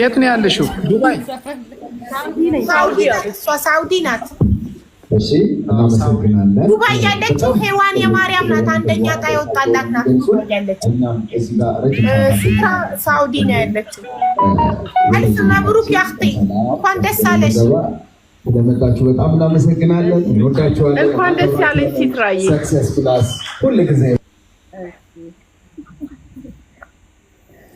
የት ነው ያለሽው? ሳውዲ ናት። እናመሰግናለን። ዱባይ ያለችው ሔዋን የማርያም ናት። አንደኛ ዕጣ የወጣላት ናት። ሳውዲ ነው ያለችው። አልፍ መብሩክ ያክቴ እንኳን ደስ አለሽ። በጣም እናመሰግናለን። እንወዳችኋለን። እንኳን ደስ ያለሽ ሲትራዬ ሰክሰስ ፕላስ ሁልጊዜ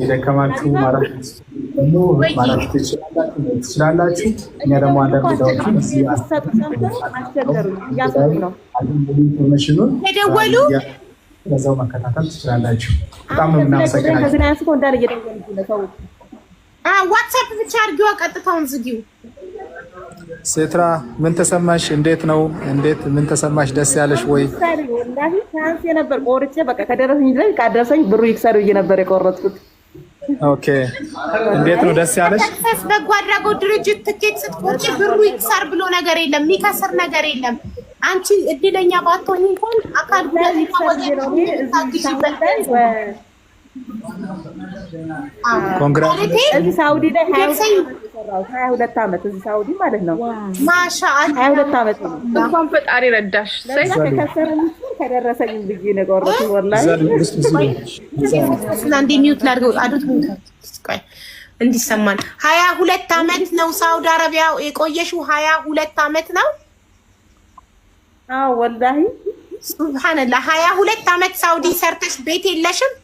የደከማችሁ ማረፍ ማረፍ ትችላላችሁ። እኛ ደግሞ አንዳንድ ኢንፎርሜሽኑን በዛው መከታተል ትችላላችሁ። በጣም ነው የምናመሰግናችሁ። ዋትሳፕ ብቻ አድርጊዋ፣ ቀጥታውን ዝጊው። ሴትራ ምን ተሰማሽ? እንዴት ነው? እንዴት ምን ተሰማሽ? ደስ ያለሽ ወይ? ሳንስ የነበር ቆርጬ በቃ ከደረሰኝ ድረስ ካደረሰኝ ብሩ ይክሰሩ ነበር የቆረጥኩት ኦኬ፣ እንዴት ነው ደስ ያለሽ? ሰክሰስ በጎ አድራጎት ድርጅት ትኬት ስትቆርጭ ብሩ ይክሰር ብሎ ነገር የለም፣ የሚከስር ነገር የለም። አንቺ እድለኛ ባትሆኝ እንኳን አካል ሰራሁት ሀያ ሁለት ዓመት እዚህ ሳውዲ ማለት ነው። ማሻአላ ሀያ ሁለት ዓመት ነው። እንኳን ፈጣሪ ረዳሽ። ከከሰረ ከደረሰኝ ብዬ ነው የቆረጥኩት። ወላሂ አንዴ ሚውት ላድርገው አዱት እንዲሰማን። ሀያ ሁለት ዓመት ነው ሳውዲ አረቢያ የቆየሽው? ሀያ ሁለት አመት ነው። አዎ ወላሂ ሱብሃንአላህ። ሀያ ሁለት ዓመት ሳውዲ ሰርተሽ ቤት የለሽም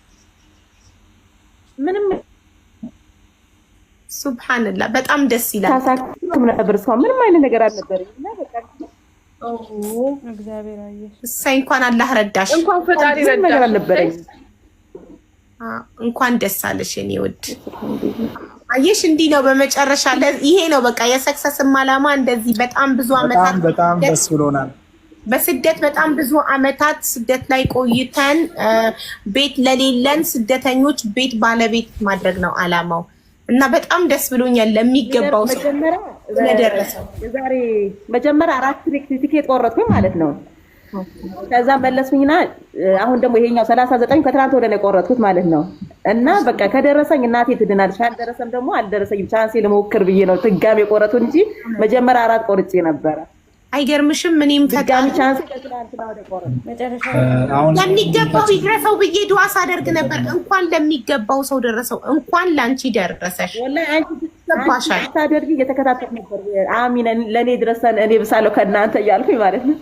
ምንም ሱብሃንላ በጣም ደስ ይላል። ታሳክም ነበር እሷ ምንም አይነት ነገር አልነበረኝ። እሰይ እንኳን አላህ ረዳሽ፣ እንኳን ፈጣሪ ረዳሽ። እንኳን ደስ አለሽ የኔ ውድ። አየሽ እንዲህ ነው በመጨረሻ ይሄ ነው በቃ የሰክሰስም አላማ እንደዚህ በጣም ብዙ አመታት በጣም ደስ ብሎናል። በስደት በጣም ብዙ አመታት ስደት ላይ ቆይተን ቤት ለሌለን ስደተኞች ቤት ባለቤት ማድረግ ነው አላማው። እና በጣም ደስ ብሎኛል። ለሚገባው ሰው ስለደረሰው ዛሬ መጀመሪያ አራት ትኬት ቆረጥኩ ማለት ነው። ከዛ መለስኩኝና አሁን ደግሞ ይሄኛው ሰላሳ ዘጠኝ ከትናንት ወደ ነው የቆረጥኩት ማለት ነው። እና በቃ ከደረሰኝ እናቴ ትድናለች፣ አልደረሰም ደግሞ አልደረሰኝም ቻንሴ ልሞክር ብዬ ነው ትጋሜ የቆረጥኩት እንጂ መጀመሪያ አራት ቆርጬ ነበረ። አይገርምሽም? እኔም ለሚገባው ይድረሰው ብዬ ድዋ ሳደርግ ነበር። እንኳን ለሚገባው ሰው ደረሰው። እንኳን ለአንቺ ደረሰሽ። ሳደርግ እየተከታተል ነበር። አሚን ለእኔ ድረሰን፣ እኔ ብሳለሁ ከእናንተ እያልኩኝ ማለት ነው።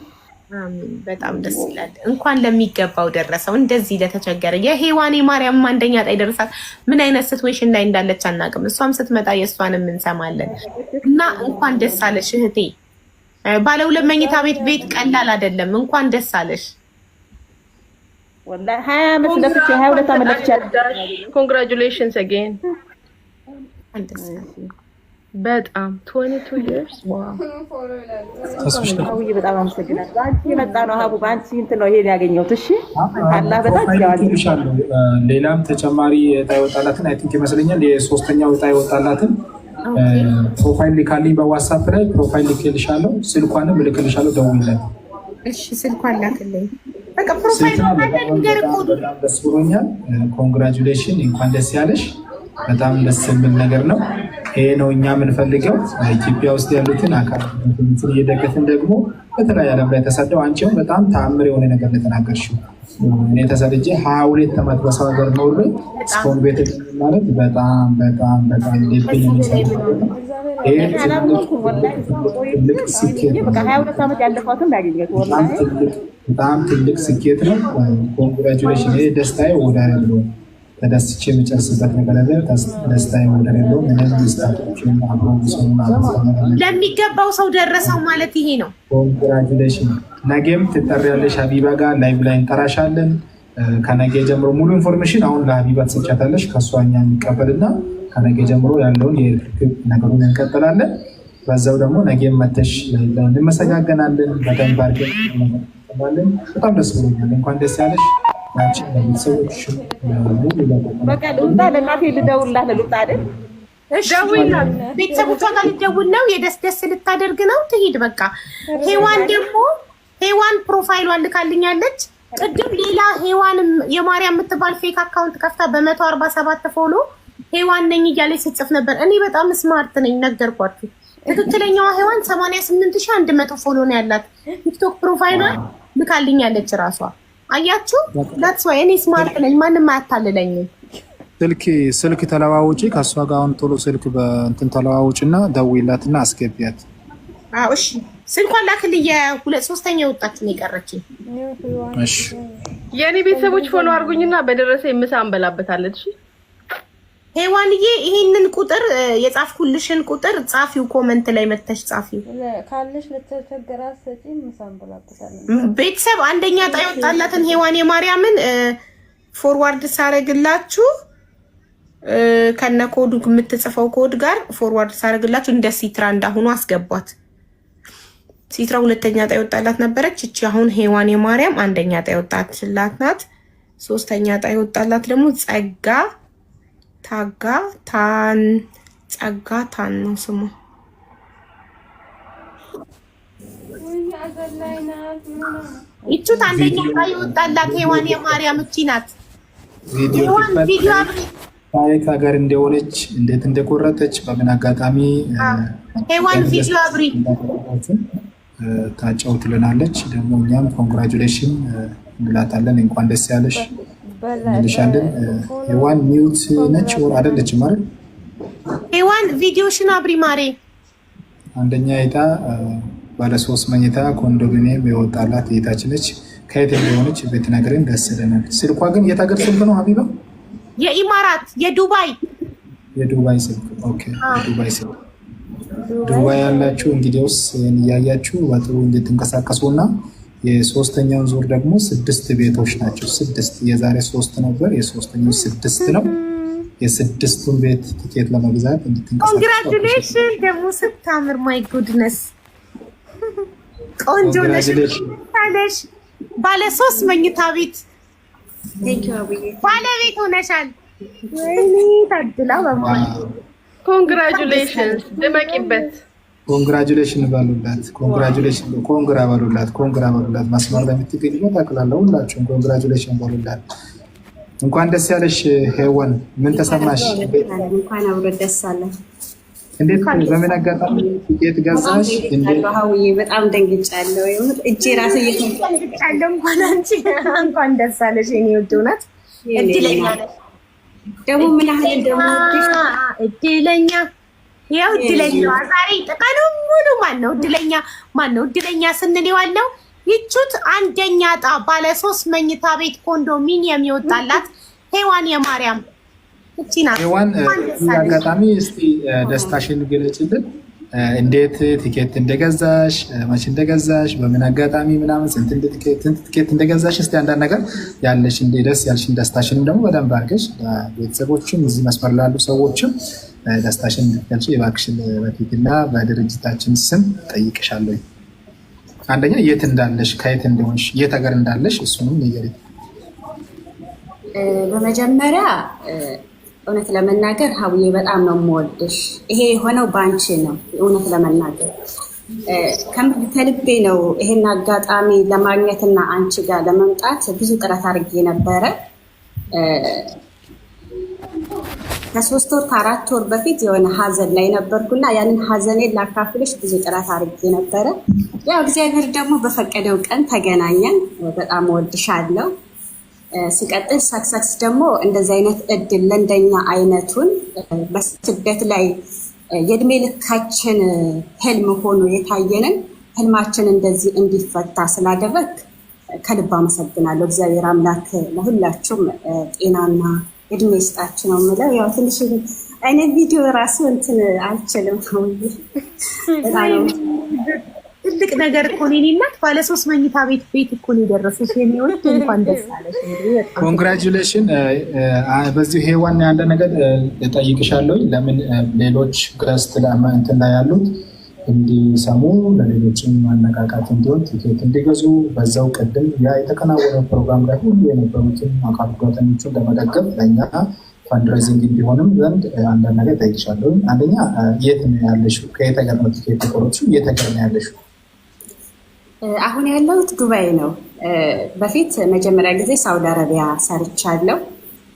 በጣም ደስ ይላል። እንኳን ለሚገባው ደረሰው። እንደዚህ ለተቸገረ የሔዋኔ ማርያም አንደኛ ጣይ ይደርሳት። ምን አይነት ስትዌሽን ላይ እንዳለች አናውቅም። እሷም ስትመጣ የእሷንም እንሰማለን እና እንኳን ደስ አለሽ እህቴ ባለ ሁለት መኝታ ቤት ቤት ቀላል አይደለም። እንኳን ደስ አለሽ። ወላሂ ሀያ ኮንግራቹሌሽንስ አጌን በጣም ትወኒ ቱ ይርስ በጣም አመሰግናለሁ። በአንቺ የመጣ ነው ሀቡ በአንቺ እንትን ነው ይሄን ያገኘሁት። እሺ በጣም ሌላም ተጨማሪ እጣ ይወጣላትን አይ ቲንክ ይመስለኛል የሶስተኛው እጣ ይወጣላትን ፕሮፋይል ሊካልኝ በዋትሳፕ ላይ ፕሮፋይል ልክልሻለሁ፣ ስልኳንም ልክልሻለሁ። ደውይልኝ። እሺ፣ ስልኳን ላክልኝ። በቃ ፕሮፋይል በጣም ደስ ብሎኛል። ኮንግራጁሌሽን፣ እንኳን ደስ ያለሽ። በጣም ደስ የሚል ነገር ነው። ይሄ ነው እኛ የምንፈልገው። ኢትዮጵያ ውስጥ ያሉትን አካል እየደገፍን ደግሞ በተለያየ ዓለም ላይ ተሰደው አንቺም በጣም ተአምር የሆነ ነገር እንደተናገርሽው እኔ ተሰድጄ ሀያ ሁለት ዓመት በሰው ሀገር ኖሬ እስካሁን ቤት ማለት በጣም በጣም በጣም ልብን የሚሰራ ትልቅ ስኬት በጣም ትልቅ ስኬት ነው። ኮንግራቹሌሽን ደስታዬ ወዳ ያለው ተደስቼ የምጨርስበት ነገር ያለ ደስታ ወደር የለውም። ምንም ስታቶችን ለሚገባው ሰው ደረሰው ማለት ይሄ ነው። ኮንግራጁሌሽን። ነገም ትጠሪያለሽ ሀቢባ ጋር ላይቭ ላይ እንጠራሻለን። ከነገ ጀምሮ ሙሉ ኢንፎርሜሽን አሁን ለሀቢባ ትሰጫታለሽ። ከእሷኛ የሚቀበልና ከነገ ጀምሮ ያለውን የርክብ ነገሩን እንቀጥላለን። በዛው ደግሞ ነገም መተሽ እንመሰጋገናለን። በደንብ አድርገን በጣም ደስ ብሎኛል። እንኳን ደስ ያለሽ። ቤተሰቦቿ ጋር ልደውል ነው። የደስ ደስ ልታደርግ ነው። ትሄድ በቃ። ሄዋን ደግሞ ሄዋን ፕሮፋይሏን ልካልኛለች። ቅድም ሌላ ሄዋን የማርያም የምትባል ፌክ አካውንት ከፍታ በመቶ አርባ ሰባት ፎሎ ሄዋን ነኝ እያለች ስጽፍ ነበር። እኔ በጣም ስማርት ነኝ ነገርኳችሁ። ትክክለኛዋ ሄዋን ሰማንያ ስምንት ሺህ አንድ መቶ ፎሎ ነው ያላት። ቲክቶክ ፕሮፋይሏን ልካልኛለች ራሷ አያችሁ ዳትስ ዋይ እኔ ስማርት ነኝ፣ ማንም አያታልለኝም። ስልክ ስልክ ተለዋውጪ ከእሷ ጋር አሁን ቶሎ ስልክ በእንትን ተለዋውጪና ደውዪላትና አስገቢያት። አዎ እሺ፣ ስልኳን ላክልኝ። ሁለት ሶስተኛ የወጣች ነው የቀረችኝ። እሺ የእኔ ቤተሰቦች ፎሎ አድርጉኝና በደረሰ ምሳ እንበላበታለን። እሺ ሄዋንዬ ይሄንን ቁጥር የጻፍኩልሽን ቁጥር ጻፊው፣ ኮመንት ላይ መተሽ ጻፊው። ቤተሰብ አንደኛ ጣይ ወጣላትን ሄዋን የማርያምን ፎርዋርድ ሳረግላችሁ ከነ ኮዱ የምትጽፈው ኮድ ጋር ፎርዋርድ ሳረግላችሁ እንደ ሲትራ እንዳሁኑ አስገቧት። ሲትራ ሁለተኛ ጣይ ወጣላት ነበረች። እቺ አሁን ሄዋን የማርያም አንደኛ ጣይ የወጣችላት ናት። ሶስተኛ ጣይ ወጣላት ደግሞ ጸጋ ታጋ ታን ጸጋ ታን ነው ስሙ። ይቹት አንደኛ ላይ ወጣላት ሔዋን የማርያም እቺ ናት። ታሪክ ሀገር እንደሆነች እንዴት እንደቆረጠች በምን አጋጣሚ ሔዋን ቪዲዮ አብሪ ታጫውትልናለች። ደግሞ እኛም ኮንግራጁሌሽን እንላታለን። እንኳን ደስ ያለሽ መልሻለን። ሄዋን ሚውት ነች ወር አደለች ማለት ሄዋን ቪዲዮሽን አብሪ ማሬ። አንደኛ እጣ ባለ ሶስት መኝታ ኮንዶሚኒየም የወጣላት እህታችን ነች። ከየት እንደሆነች ብትነግረን ደስ ይለናል። ስልኳ ግን የት ሀገር ስልክ ነው ሀቢባ? የኢማራት የዱባይ የዱባይ ስልክ ኦኬ። የዱባይ ስልክ ዱባይ ያላችሁ እንግዲያውስ እያያችሁ በጥሩ እንድትንቀሳቀሱ እና የሶስተኛውን ዙር ደግሞ ስድስት ቤቶች ናቸው። ስድስት የዛሬ ሶስት ነበር፣ የሶስተኛው ስድስት ነው። የስድስቱን ቤት ትኬት ለመግዛት እንድትንቀሳቀሱ። ኮንግራጁሌሽን ደግሞ ስታምር፣ ማይ ጉድነስ ቆንጆ ነሽ። ባለ ሶስት መኝታ ቤት ባለቤት ሆነሻል። ወይኔ ታድላ በማ ኮንግራጁሌሽን፣ ድመቂበት ኮንግራጁሌሽን ባሉላት ኮንግራጁሌሽን ኮንግራ ባሉላት ኮንግራ ባሉላት ማስማር ለምትገኝ ጠቅላላ ሁላችሁም ኮንግራጁሌሽን ባሉላት። እንኳን ደስ ያለሽ ሄወን፣ ምን ተሰማሽ? እንኳን አብሮ ደስ አለ። እንዴት በምን አጋጣሚ ትኬት ገዛሽ? በጣም ደንግጫለሁ። እጄ ራስ እየተንጫለሁ። እንኳን አንቺ እንኳን ደስ አለሽ የኔ ውድ። እውነት እድለኛ ደግሞ ምን ያህል ደግሞ እድለኛ ይኸው እድለኛዋ ዛሬ ቀኑን ሙሉ ማን ማነው እድለኛ ነው እድለኛ ስንል የዋለው ይቹት አንደኛ ጣ ባለ ሶስት መኝታ ቤት ኮንዶሚኒየም የወጣላት ሄዋን የማርያም ሄዋን አጋጣሚ እስቲ ደስታሽን ገለጭልን። እንዴት ቲኬት እንደገዛሽ፣ መቼ እንደገዛሽ፣ በምን አጋጣሚ ምናምን ስንት ቲኬት እንደገዛሽ እስቲ አንዳንድ ነገር ያለሽ እንደ ደስ ያልሽን ደስታሽንም ደግሞ በደንብ አድርገሽ ለቤተሰቦችም እዚህ መስመር ላሉ ሰዎችም ደስታሽን የምትገልጹ የባክሽን በፊትና በድርጅታችን ስም ጠይቅሻለሁ። አንደኛ የት እንዳለሽ፣ ከየት እንደሆንሽ፣ የት ሀገር እንዳለሽ እሱንም ነገር። በመጀመሪያ እውነት ለመናገር ሀውዬ በጣም ነው የምወድሽ። ይሄ የሆነው ባንቺ ነው። እውነት ለመናገር ከልቤ ነው። ይሄን አጋጣሚ ለማግኘትና አንቺ ጋር ለመምጣት ብዙ ጥረት አድርጌ ነበረ። ከሶስት ወር ከአራት ወር በፊት የሆነ ሀዘን ላይ ነበርኩና ያንን ሀዘኔ ላካፍልሽ ብዙ ጥረት አድርጌ ነበረ። ያው እግዚአብሔር ደግሞ በፈቀደው ቀን ተገናኘን። በጣም ወድሻለሁ። ሲቀጥል ሰክሰክስ ደግሞ እንደዚህ አይነት እድል ለእንደኛ አይነቱን በስደት ላይ የእድሜ ልካችን ህልም ሆኖ የታየንን ህልማችን እንደዚህ እንዲፈታ ስላደረግ ከልብ አመሰግናለሁ። እግዚአብሔር አምላክ ለሁላችሁም ጤናና እድሜ ይስጣችሁ ነው የምለው። ያው ትንሽ እኔ ቪዲዮ ራሱ እንትን አልችልም ትልቅ ነገር እኮ ነው። የእኔ እናት ባለ ሶስት መኝታ ቤት ቤት እኮ ነው የደረሱት። የሚወድ እንኳን ደስ አለሽ። ኮንግራጁሌሽን። በዚህ ሄዋን ያለ ነገር ጠይቅሻለሁ። ለምን ሌሎች ገስት እንትን ላይ ያሉት እንዲሰሙ ለሌሎችም ማነቃቃት እንዲሆን ቲኬት እንዲገዙ በዛው ቅድም ያ የተከናወነ ፕሮግራም ላይ ሁሉ የነበሩትን አካል ጉዳተኞችን ለመደገፍ ለእኛ ፈንድሬዚንግ እንዲሆንም ዘንድ አንዳንድ ነገር ጠይቅሻለሁ። አንደኛ የት ነው ያለሽው? ከየት ሀገር ነው ቲኬት የቆረጥሽው? የት ሀገር ነው ያለሽው? አሁን ያለሁት ዱባይ ነው። በፊት መጀመሪያ ጊዜ ሳውዲ አረቢያ ሰርቻለሁ።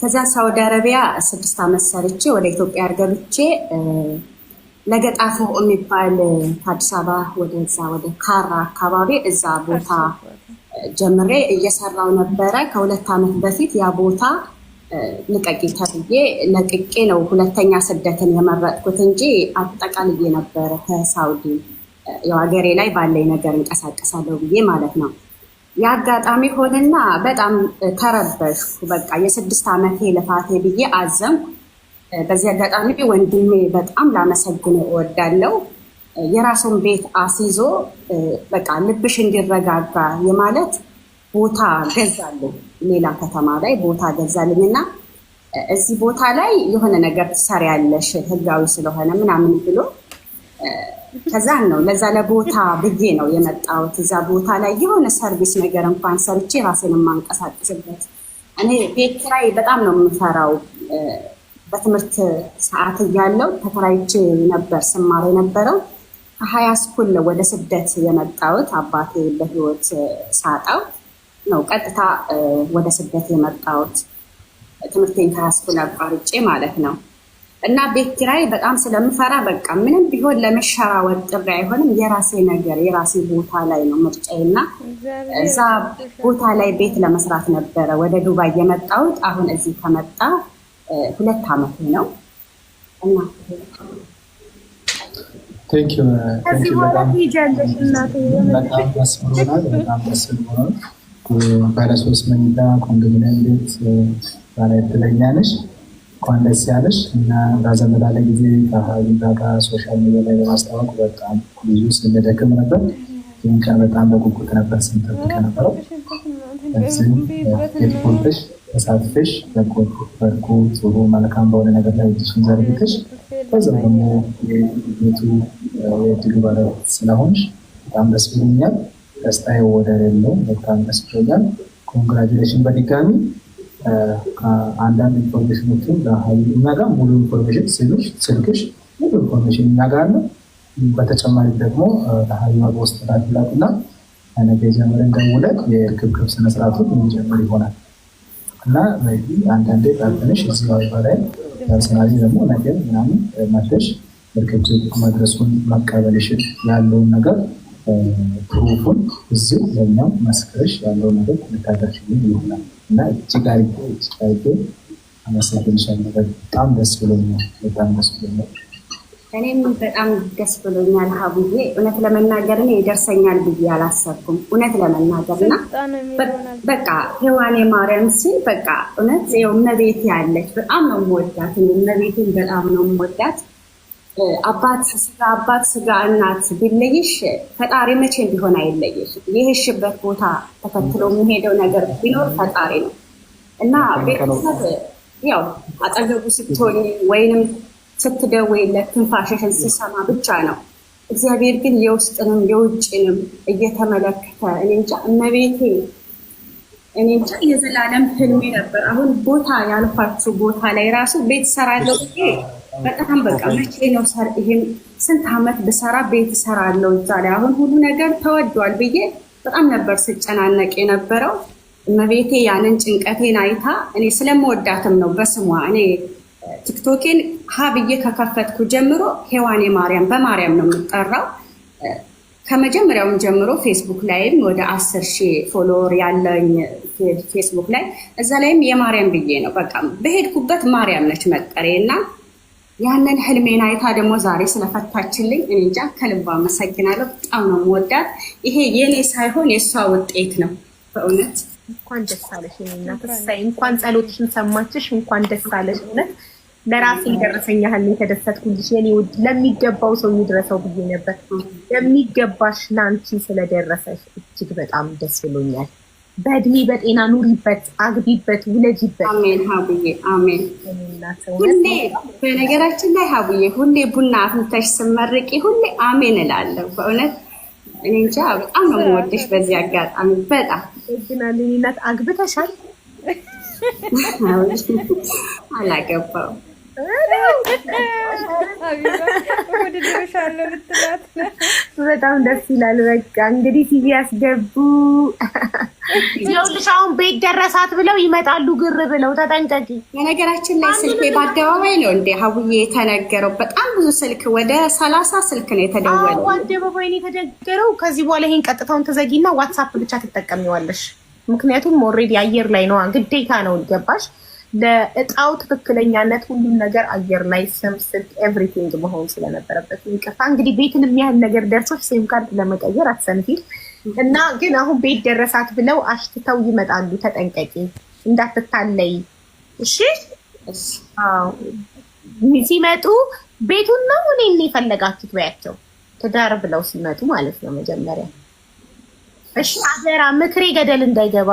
ከዛ ሳውዲ አረቢያ ስድስት ዓመት ሰርቼ ወደ ኢትዮጵያ ገብቼ ለገጣፎ የሚባል ከአዲስ አበባ ወደዛ ወደ ካራ አካባቢ እዛ ቦታ ጀምሬ እየሰራው ነበረ። ከሁለት ዓመት በፊት ያ ቦታ ልቀቂ ተብዬ ለቅቄ ነው ሁለተኛ ስደትን የመረጥኩት እንጂ አጠቃልዬ ነበረ ከሳውዲ ሀገሬ ላይ ባለኝ ነገር እንቀሳቀሳለሁ ብዬ ማለት ነው። የአጋጣሚ ሆንና በጣም ተረበሽኩ። በቃ የስድስት ዓመቴ ልፋቴ ብዬ አዘንኩ። በዚህ አጋጣሚ ወንድሜ በጣም ላመሰግነ እወዳለሁ። የራሱን ቤት አስይዞ በቃ ልብሽ እንዲረጋጋ የማለት ቦታ ገዛልኝ፣ ሌላ ከተማ ላይ ቦታ ገዛልኝ እና እዚህ ቦታ ላይ የሆነ ነገር ትሰሪያለሽ ህጋዊ ስለሆነ ምናምን ብሎ ከዛን ነው ለዛ ለቦታ ብዬ ነው የመጣሁት። እዛ ቦታ ላይ የሆነ ሰርቪስ ነገር እንኳን ሰርቼ ራሴን የማንቀሳቅስበት እኔ ቤት ኪራይ በጣም ነው የምፈራው። በትምህርት ሰዓት እያለው ተከራይቼ ነበር ስማር የነበረው። ከሀያ ስኩል ወደ ስደት የመጣሁት አባቴ በህይወት ሳጣው ነው ቀጥታ ወደ ስደት የመጣሁት ትምህርቴን ከሀያ ስኩል አቋርጬ ማለት ነው። እና ቤት ኪራይ በጣም ስለምፈራ በቃ ምንም ቢሆን ለመሸራ ጥሪ አይሆንም። የራሴ ነገር የራሴ ቦታ ላይ ነው ምርጫዬ እና እዛ ቦታ ላይ ቤት ለመስራት ነበረ ወደ ዱባይ የመጣሁት። አሁን እዚህ ከመጣ ሁለት ዓመት ነው እና uh, ባለሶስት መኝታ ኮንዶሚኒየም ቤት ባለ ትለኛለሽ። ነሽ። እንኳን ደስ ያለሽ እና ባዘመዳ ላይ ጊዜ ከሀቢባ ሶሻል ሚዲያ ላይ በማስታወቅ በጣም ብዙ ስንደክም ነበር። ይህን ቀን በጣም በጉጉት ነበር ስንጠብቅ ነበረው። ስለዚህ ቤት ፖልተሽ ተሳትፈሽ በጎ ጥሩ መልካም በሆነ ነገር ላይ እጅሽን ዘርግተሽ በዛ ደግሞ ቤቱ የድሉ ባለቤት ስለሆንሽ በጣም ደስ ብሎኛል። ደስታ ወደር የለው በጣም ደስ ብሎኛል። ኮንግራጁሌሽን በድጋሚ አንዳንድ ኢንፎርሜሽኖች ለሀይሉ እኛ ጋር ሙሉ ኢንፎርሜሽን ስልሽ ስልክሽ ሙሉ ኢንፎርሜሽን እኛ ጋር ነው። በተጨማሪ ደግሞ ለሀይሉ በውስጥ ዳድላት ነገ ጀምረን ደውለን የርክብክብ ስነስርዓቱን የሚጀምር ይሆናል። እና አንዳንዴ ካልተነሽ እዚህ ዋይፋ ላይ ፐርሰናሊ ደግሞ ነገር ምናምን መለሽ እርክብ መድረሱን መቀበልሽን ያለውን ነገር ፕሩፉን እዚሁ ለኛው መስክረሽ ያለው ነገር ልታደርሽልኝ ይሆናል እና እጅግ አድርጌ እጅግ አድርጌ አመሰግንሻለሁ። በጣም ደስ ብሎኛል። በጣም ደስ ብሎኛል። እኔም በጣም ደስ ብሎኛል ሀቡዬ። እውነት ለመናገር እኔ ይደርሰኛል ብዬ አላሰብኩም። እውነት ለመናገር እና በቃ ሔዋኔ ማርያም ሲል በቃ እውነት ው እመቤቴ ያለች በጣም ነው የምወዳት። እመቤቴን በጣም ነው የምወዳት። አባት ስጋ አባት ስጋ እናት ቢለይሽ ፈጣሪ መቼ ቢሆን አይለይሽ። ይህሽበት ቦታ ተከትሎ የሚሄደው ነገር ቢኖር ፈጣሪ ነው እና ቤተሰብ ያው አጠገቡ ስትሆኝ ወይንም ስትደውይለት ትንፋሽሽን ሲሰማ ብቻ ነው። እግዚአብሔር ግን የውስጥንም የውጭንም እየተመለከተ እኔ እንጃ እመቤቴ፣ እኔ እንጃ የዘላለም ህልሜ ነበር። አሁን ቦታ ያልኳችሁ ቦታ ላይ ራሱ ቤት ሰራለው በጣም በቃ መቼ ነው ሰር ይህም ስንት አመት ብሰራ ቤት ሰራለው እዛ ላይ አሁን ሁሉ ነገር ተወዷል ብዬ በጣም ነበር ስጨናነቅ የነበረው። እመቤቴ ያንን ጭንቀቴን አይታ እኔ ስለምወዳትም ነው በስሟ እኔ ቲክቶኬን ብዬ ከከፈትኩ ጀምሮ ሄዋኔ ማርያም በማርያም ነው የምጠራው። ከመጀመሪያውም ጀምሮ ፌስቡክ ላይም ወደ አስር ሺህ ፎሎወር ያለኝ ፌስቡክ ላይ እዛ ላይም የማርያም ብዬ ነው በቃ በሄድኩበት ማርያም ነች መጠሬ እና ያንን ህልሜን አይታ ደግሞ ዛሬ ስለፈታችልኝ እኔ እንጃ ከልብ አመሰግናለሁ። በጣም ነው የምወዳት። ይሄ የኔ ሳይሆን የእሷ ውጤት ነው በእውነት። እንኳን ደስ አለሽ እናት፣ እንኳን ጸሎትሽን ሰማችሽ። እንኳን ደስ አለሽ እውነት ለራሴ የደረሰኝ ያህል የተደሰትኩልሽ የኔ ውድ፣ ለሚገባው ሰው ይድረሰው ብዬ ነበር። ለሚገባሽ ለአንቺ ስለደረሰሽ እጅግ በጣም ደስ ብሎኛል። በእድሜ በጤና ኑሪበት፣ አግቢበት፣ ውለጂበት። አሜን ሀቡዬ፣ አሜን። ሁሌ በነገራችን ላይ ሀቡዬ፣ ሁሌ ቡና አፍልተሽ ስመርቂ ሁሌ አሜን እላለሁ። በእውነት እኔ እንጃ በጣም ነው የምወድሽ። በዚህ አጋጣሚ በጣም ግናልኝነት አግብተሻል? አላገባው በጣም ደስ ይላል። በቃ እንግዲህ ሲቪ ያስገቡ። ይኸውልሽ አሁን ቤት ደረሳት ብለው ይመጣሉ ግር ብለው ተጠንቀቂ። የነገራችን ላይ ስልክ በአደባባይ ነው እንደ ሀቡዬ የተነገረው። በጣም ብዙ ስልክ ወደ ሰላሳ ስልክ ነው የተደወለው። አደባባይ ነው የተነገረው። ከዚህ በኋላ ይሄን ቀጥታውን ተዘጊና ዋትሳፕ ብቻ ትጠቀሚዋለሽ። ምክንያቱም ኦልሬዲ አየር ላይ ነዋ፣ ግዴታ ነው። ገባሽ? ለእጣው ትክክለኛነት ሁሉም ነገር አየር ላይ ስም፣ ስልክ ኤቭሪቲንግ መሆን ስለነበረበት ይቅርታ። እንግዲህ ቤትን የሚያህል ነገር ደርሶች ሲም ካርድ ለመቀየር አትሰንፊል እና ግን አሁን ቤት ደረሳት ብለው አሽትተው ይመጣሉ። ተጠንቀቂ፣ እንዳትታለይ እሺ። ሲመጡ ቤቱን ነው እኔን የፈለጋችሁት በያቸው። ትዳር ብለው ሲመጡ ማለት ነው መጀመሪያ። እሺ፣ አዘራ ምክሬ ገደል እንዳይገባ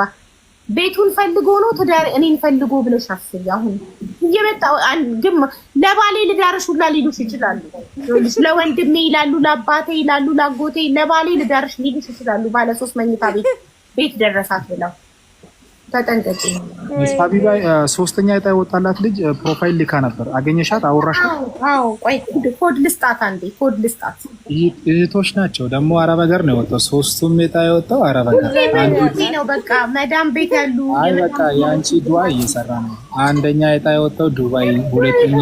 ቤቱን ፈልጎ ነው ትዳር እኔን ፈልጎ ብለሽ አስቢ። አሁን እየመጣ ግን ለባሌ ልዳርሽ ሁላ ሊሉሽ ይችላሉ። ለወንድሜ ይላሉ፣ ለአባቴ ይላሉ፣ ለአጎቴ ለባሌ ልዳርሽ ሊሉሽ ይችላሉ። ባለ ሶስት መኝታ ቤት ቤት ደረሳት ብለው ተጠንቀቂ። ሀቢባ ሶስተኛ ዕጣ የወጣላት ልጅ ፕሮፋይል ልካ ነበር። አገኘሻት? አዎ። ቆይ ኮድ ልስጣት አንዴ፣ ኮድ ልስጣት። እህቶች ናቸው ደግሞ አረብ ሀገር ነው የወጣው። ሶስቱም ዕጣ የወጣው አረብ ሀገር ነው። በቃ መዳም ቤት ያሉ አይ፣ በቃ የአንቺ ዱዓ እየሰራ ነው። አንደኛ ዕጣ የወጣው ዱባይ፣ ሁለተኛ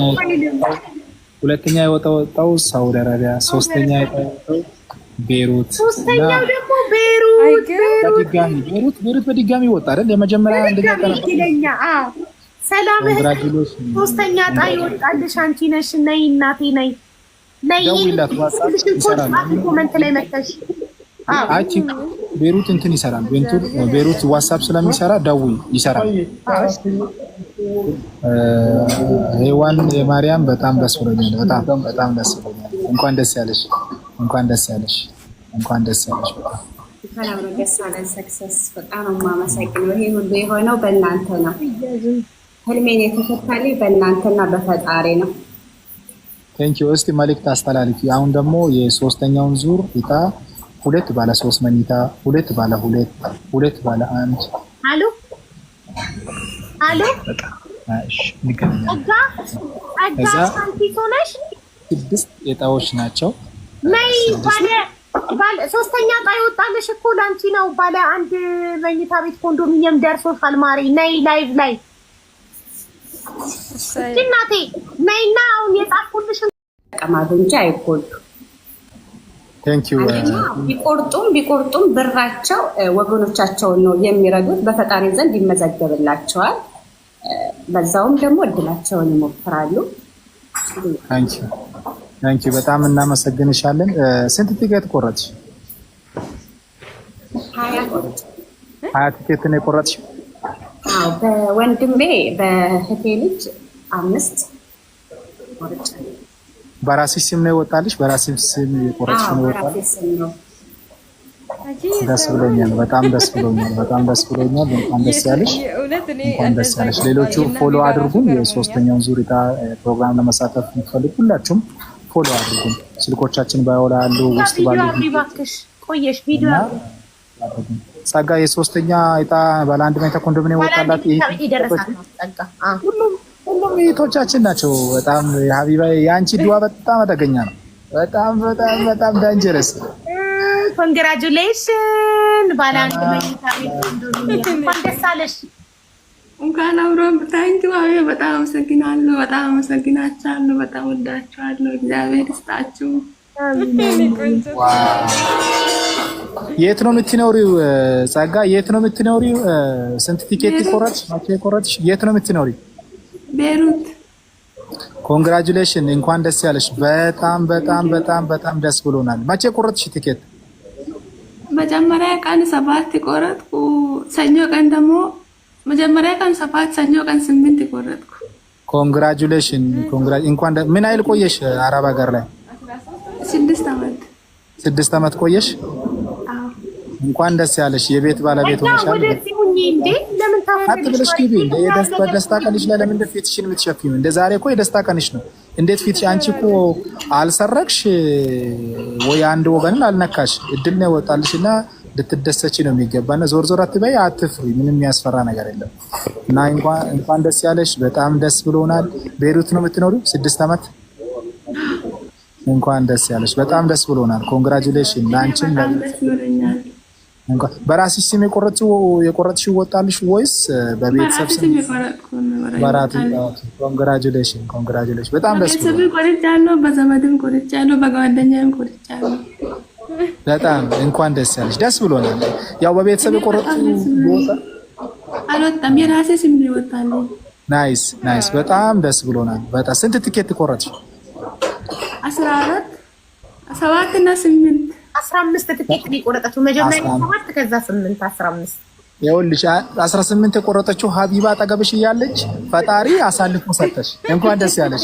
ሁለተኛ የወጣው ሳውዲ አረቢያ፣ ሶስተኛ የወጣው ቤሩት ሶስተኛው ቤሩት ቤሩት በድጋሚ ወጣ አይደል? የመጀመሪያ በድጋሚ እድለኛ ሰላም ሶስተኛ ዕጣ ይወጣልሽ። አንቺ ነሽ። ነይ እናቴ ነይ ነይ። ቤሩት እንትን ይሰራል። ቤንቱር ቤሩት ዋትሳፕ ስለሚሰራ ደውይ ይሰራል። ሄዋን የማርያም በጣም ደስ ብሎኛል። በጣም በጣም ደስ ብሎኛል። እንኳን ደስ ያለሽ፣ እንኳን ደስ ያለሽ፣ እንኳን ደስ ያለሽ። እንኳን አብረን ደስ አለን። ሰክሰስ በጣም የማመሰግነው ይሄ ሁሉ የሆነው በእናንተ ነው። ህልሜን የተፈታልኝ በእናንተና በፈጣሪ ነው። ቴንኪዩ። እስቲ መልእክት አስተላልፊ። አሁን ደግሞ የሶስተኛውን ዙር ዕጣ ሁለት ባለ ሶስት መኝታ፣ ሁለት ባለ ሁለት፣ ሁለት ባለ አንድ። አሎ አሎ፣ ስድስት ዕጣዎች ናቸው። ባለ ሶስተኛ ዕጣ የወጣልሽ እኮ ላንቺ ነው። ባለ አንድ መኝታ ቤት ኮንዶሚኒየም ደርሶሻል። ማሪ ነይ ላይቭ ላይ እናቴ ነይና አሁን የጻፍኩልሽ ቀማዶ እንጂ አይጎዱ ቢቆርጡም ቢቆርጡም ብራቸው uh, ወገኖቻቸውን ነው የሚረዱት። በፈጣሪ ዘንድ ይመዘገብላቸዋል። uh, በዛውም ደግሞ እድላቸውን ይሞክራሉ። ታንኪ በጣም እናመሰግንሻለን። ስንት ቲኬት ቆረጥሽ? ሀያ ቲኬት ነው የቆረጥሽ? አዎ፣ በወንድሜ በእህቴ ልጅ አምስት ቆርጫለሁ። በራሴ ስም ነው የወጣልሽ? በራሴ ስም የቆረጥሽ ነው የወጣልሽ? ደስ ብሎኛል። በጣም ደስ ብሎኛል። በጣም ደስ ብሎኛል። እንኳን ደስ ያለሽ፣ እንኳን ደስ ያለሽ። ሌሎቹ ፎሎ አድርጉም የሶስተኛውን ዙር ፕሮግራም ለመሳተፍ የምትፈልጉ ሁላችሁም ፎሎ አድርጉን። ስልኮቻችን ባዮላ ያሉ ውስጥ ባሉ ቆየሽ ቪዲዮ ጸጋ የሶስተኛ እጣ ባለ አንድ ሜትር ኮንዶሚኒየም ወጣላት። ሁሉም እህቶቻችን ናቸው። በጣም ሀቢባ የአንቺ ድዋ በጣም አደገኛ ነው። በጣም በጣም በጣም ዳንጀረስ። ኮንግራጁሌሽን ባለ አንድ ሜትር ኮንዶሚኒየም እንኳን ደስ አለሽ። እንኳን አብሮን ታንኪ ማሚ በጣም አመሰግናለሁ። በጣም አመሰግናችኋለሁ። በጣም ወዳችኋለሁ። እግዚአብሔር ይስጣችሁ። የት ነው የምትኖሪው? ጸጋ የት ነው የምትኖሪው? ስንት ቲኬት ይቆረጥ ማቸው የት ነው የምትኖሪው? ቤሩት። ኮንግራጁሌሽን እንኳን ደስ ያለሽ። በጣም በጣም በጣም በጣም ደስ ብሎናል። መቼ ቆረጥሽ ቲኬት? መጀመሪያ ቀን ሰባት ቆረጥኩ። ሰኞ ቀን ደግሞ መጀመሪያ ቀን ሰባት ሰኞ ቀን ስምንት ይቆረጥኩ። ኮንግራጁሌሽን እንኳን ምን አይል ቆየሽ? አረብ ሀገር ላይ ስድስት ዓመት ስድስት ዓመት ቆየሽ። እንኳን ደስ ያለሽ። የቤት ባለቤት ሆነሻል። ቀጥ ብለሽ ግቢ። በደስታ ቀንሽ ላይ ለምንድን ፊትሽን የምትሸፊው? እንደ ዛሬ እኮ የደስታ ቀንሽ ነው። እንዴት ፊትሽ አንቺ እኮ አልሰረቅሽ ወይ አንድ ወገንን አልነካሽ። እድል ነው ይወጣልሽ እና ልትደሰች ነው የሚገባ እና ዞር ዞር አትበይ፣ አትፍሪ። ምንም የሚያስፈራ ነገር የለም እና እንኳን ደስ ያለሽ። በጣም ደስ ብሎናል። ቤሩት ነው የምትኖሩ ስድስት ዓመት እንኳን ደስ ያለሽ። በጣም ደስ ብሎናል። ኮንግራጁሌሽን ለአንቺም። በራስሽ ስም የቆረጥሽ ወጣልሽ ወይስ በቤተሰብ ስም? በራቲ ኮንግራጁሌሽን፣ ኮንግራጁሌሽን። በጣም ደስ ብሎናል። ቆርጫለሁ፣ በዘመድም ቆርጫለሁ፣ በጓደኛም ቆርጫለሁ። በጣም እንኳን ደስ ያለሽ። ደስ ብሎናል። ያው በቤተሰብ የቆረጡ አልወጣም፣ የራሴ ስም ይወጣል። ናይስ ናይስ፣ በጣም ደስ ብሎናል። በጣም ስንት ትኬት ቆረጥሽ? 14 7 እና 8 15 ትኬት ነው የቆረጠችው። መጀመሪያ 7 ከዛ 8 15 ይኸውልሽ 18 የቆረጠችው ሀቢባ አጠገብሽ እያለች ፈጣሪ አሳልፎ ሰጠሽ። እንኳን ደስ ያለሽ።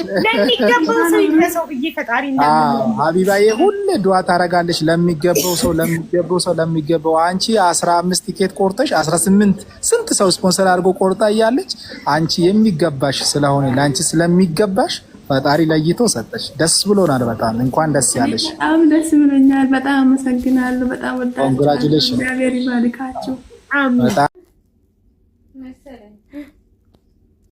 ሀቢባዬ ሁሌ ድዋ ታረጋለች ለሚገባው ሰው ለሚገባው ሰው ለሚገባው። አንቺ 15 ቲኬት ቆርጠሽ 18 ስንት ሰው ስፖንሰር አድርጎ ቆርጣ እያለች አንቺ የሚገባሽ ስለሆነ ለአንቺ ስለሚገባሽ ፈጣሪ ለይቶ ሰጠሽ። ደስ ብሎናል በጣም እንኳን ደስ ያለሽ። በጣም ደስ ብሎኛል። በጣም አመሰግናለሁ። በጣም ወዳ ኮንግራቹሌሽን። እግዚአብሔር አሜን።